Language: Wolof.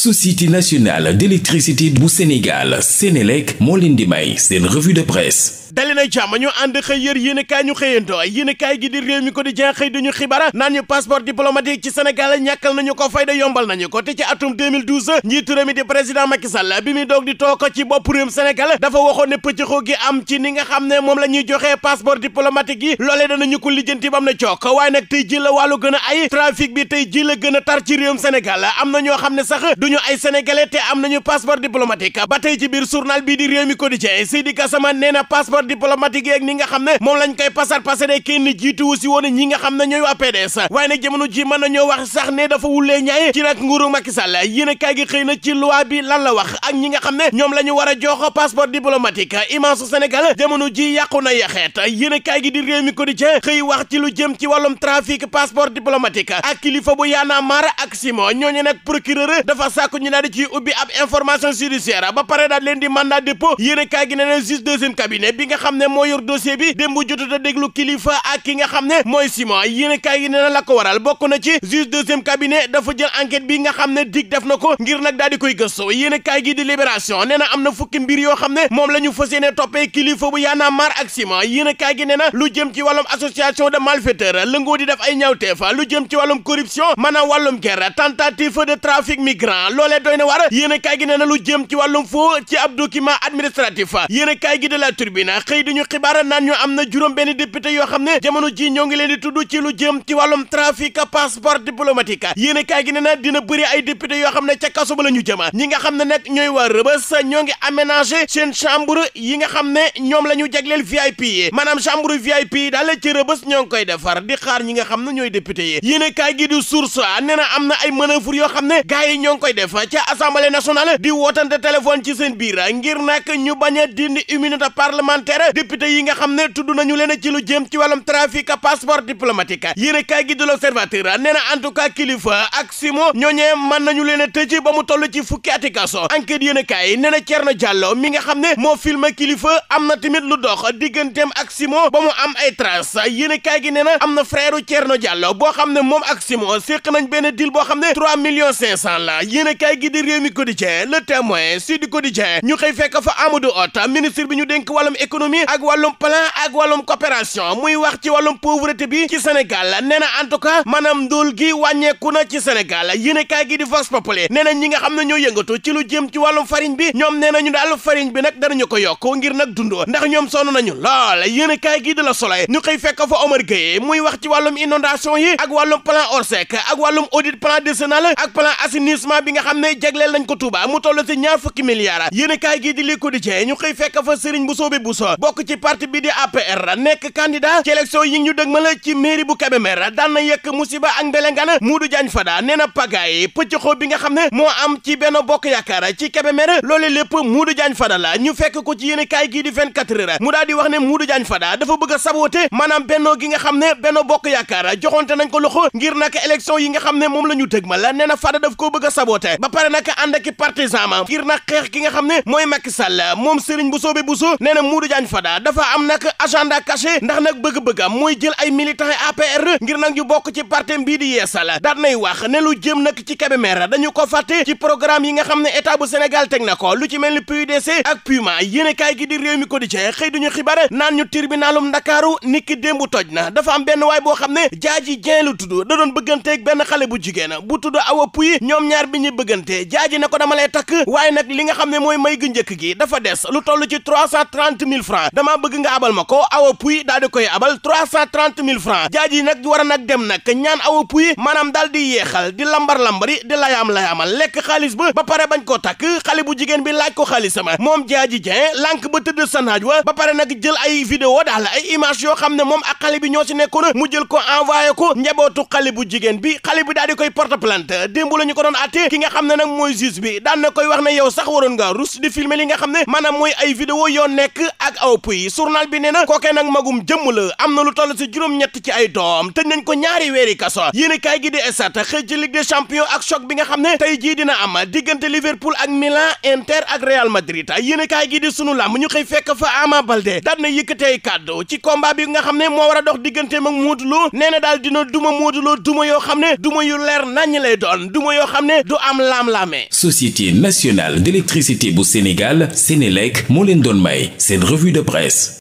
société nationale d'électricité bu Sénégal Sénélec moo leen di may seen revue de presse dali jàmm ñu ànd xëy yër yéen ñu xëyanto yéen gi di réew mi ko di jen xëy dañu xibara naan ñu passeport diplomatique ci Sénégal ñàkkal nañu ko fayda yombal nañu ko te ci atum njiitu réew mi di président Macky bi muy doog di toog ci bopp réewum Sénégal dafa waxoon ne pëccëxoo gi am ci ni nga xam ne moom la joxee passeport diplomatique yi loolee danañu a ñu ay sénégalais te am nañu passeport diplomatique ba tey ci biir journal bii di réew mi quotidien Seydi Gassama nee na passeport diplomatique yeeg ni nga xam ne moom lañ ne ñooy waa la ñu war a jox passeport diplomatique image su Sénégal jamono ji yàqu na yaxeet yéen gi di réew mi quotidien xëy wax ci lu jëm ci wàllum trafic passeport diplomatique ak kilifa bu yaana mar ak Simon ñooñu nag procureur dafa sàkku ñu daal di ciy ubbi ab information judiciaire ba pare daal leen di mandat dépôt yéen kaay gi ne na juge deuxième cabinet bi nga xam ne moo yor dossier bi démb jotut a ki nga xam ne mooy Simon yéen kaay gi ne na la ko waral bokk na ci juge deuxième cabinet dafa jël enquête bi nga xam ne dig def na ko ngir nag daal di koy gëstu yéen kaay gi di libération nee na am na fukki mbir yoo xam ne moom la ñu fas yéene toppee kilifa bu yaana mar ak Simon yéen kaay gi na lu jëm ci wàllum association de malfaiteurs lëngoo di def ay ñaawteef lu jëm ci wàllum corruption maanaam wàllum guerre tentative de trafic migrant loolee doy na war yéen a kaay gi nee na lu jëm ci wàllum foo ci ab document administratif yéen a kaay gi de la turbine xëy dañu xibaar naan ñu am na juróom benn député yoo xam ne jamono ji ñoo ngi leen di tudd ci lu jëm ci wàllum trafic passeport diplomatique yéen a kaay gi nee na dina bëri ay député yoo xam ne ca kaso ba la ñu jëm ñi nga xam ne nag ñooy waa rëbës ñoo ngi aménagé seen chambre yi nga xam ne ñoom la ñu jagleel VIP yi maanaam chambre VIP yi daal ñoo ngi koy defar di xaar ñi nga xam ne ñooy député yi yéen a kaay gi am na ay manœuvre yoo xam ne gars yi ñoo ngi koy def ca assemblée nationale di wootante téléphone ci seen biir ngir nag ñu bañ a dindi immunité parlementaire député yi nga xam ne tudd nañu leen ci lu jëm ci wàllum trafic passeport diplomatique yéen kaay gi de l'observateur nee na en tout cas kilifa ak simo ñooñee mën nañu leen a tëj ba mu toll ci fukki ati kaso enquête yéen kaay nee na Thierno Diallo mi nga xam ne moo filmé kilifa am na tamit lu dox digganteem ak simo ba mu am ay traces yéen kaay gi na am na frère Thierno Diallo xam ne moom ak simo séq benn deal boo xam ne 3 millions 500 yéenekaay gi di Rewmi Quotidien Le Témoin Sud Quotidien ñu xëy fekk fa Amadou Hott ministre bi ñu dénk wàllum économie ak wàllum plan ak wàllum coopération muy wax ci wàllum pauvreté bi ci Sénégal nee na en tout cas maanaam ndóol gi wàññeeku na ci Sénégal yéenekaay gi di Vox Populi nee na ñi nga xam ne ñoo yëngatu ci lu jëm ci wàllum farine bi ñoom nee na ñu daal farine bi nag danañu ko yokk ngir nag dund ndax ñoom sonn nañu lool yéenekaay gi di La Soleil ñu xëy fekk fa Omar Gueye muy wax ci wàllum inondation yi ak wàllum plan ORSEC ak wàllum audit plan décennal ak nga xam ne jagleel nañ ko Touba mu toll si ñaar fukki milliards yéen kaay gii di Le Quotidien ñu xëy fekk fa Serigne Mboussobé Bousso bokk ci parti bi di APR nekk candidat ci élection yi ñu dëgmal ci mairie bu Kébémer daan na yëkk musiba ak mu Modou Diagne Fada nee na pagaay pëccxoo bi nga xam ne moo am ci Benno Bokk Yaakaar ci Kébémer loole lépp Modou Diagne Fada la ñu fekk ko ci yéen kaay gii di 24 heures mu daa di wax ne Modou Diagne Fada dafa bëgg a saboter maanaam bennoo nga xam ne Benno Bokk Yaakaar joxonte nañ ko loxo ngir nag élection yi nga xam ne moom la ñu dëgmal nee na Fada daf koo bëgg a kese ba pare nag ànd ak i partisan ma ngir nag xeex ki nga xam ne mooy Macky Sall moom Serigne bu Bousso nee na Modou Diagne Fada dafa am nag agenda caché ndax nag bëgg bëgg am mooy jël ay militants APR ngir nag ñu bokk ci parti bii di yeesal daat nay wax ne lu jëm nag ci Kébémer dañu ko fàtte ci programme yi nga xam ne état bu Sénégal teg na ko lu ci mel ni PUDC ak PUMA yéene kaay gi di réew mi ko di cee xëy duñu xibaar naan ñu tribunalum Ndakaaru niki démb toj na dafa am benn waay boo xam ne jaaji jeen lu tudd da doon bëgganteeg benn xale bu jigéen bu tudd Awa ñuy bëggante jaaji ne ko dama lay takk waaye nag li nga xam ne mooy may gu njëkk gi dafa des lu toll ci trois cent bëgg nga abal ma ko awa puy daal koy abal trois jaaji nag war a nag dem nag ñaan awa puy maanaam daal di yeexal di lambar-lambari di layaam-layaamal lekk xaalis ba ba bañ koo takk xale jigéen bi laaj ko xaalisama moom jaaji jen lànk ba tëdd sa wa ba nag jël ay vidéo daal ay image yoo xam ne moom ak xale bi ko envoyé nga xam ne nag mooy bi daan na koy wax ne yow sax waroon nga rus di filmer nga xam ne maanaam mooy ay vidéo yoo nekk ak aw puy journal bi ne na kookee nag magum jëmm la am na lu toll si juróom-ñett ci ay doom tëj nañ ko ñaari weeri kaso yéen kaay gi di esat xëy ci ligue des champions ak choc bi nga xam ne tey jii dina am diggante Liverpool ak Milan Inter ak Real Madrid yéen kaay gi di sunu làmb ñu xëy fekk fa Ama Baldé daan na yëkkatee kàddu ci combat bi xam ne moo war a dox digganteem ak Modou Lo nee na daal dina duma Modou Lo duma yoo xam ne duma yu leer nañ lay doon duma yoo xam ne am laamee société nationale d'électricité bu Sénégal Sénélec moo leen doon may seen revue de presse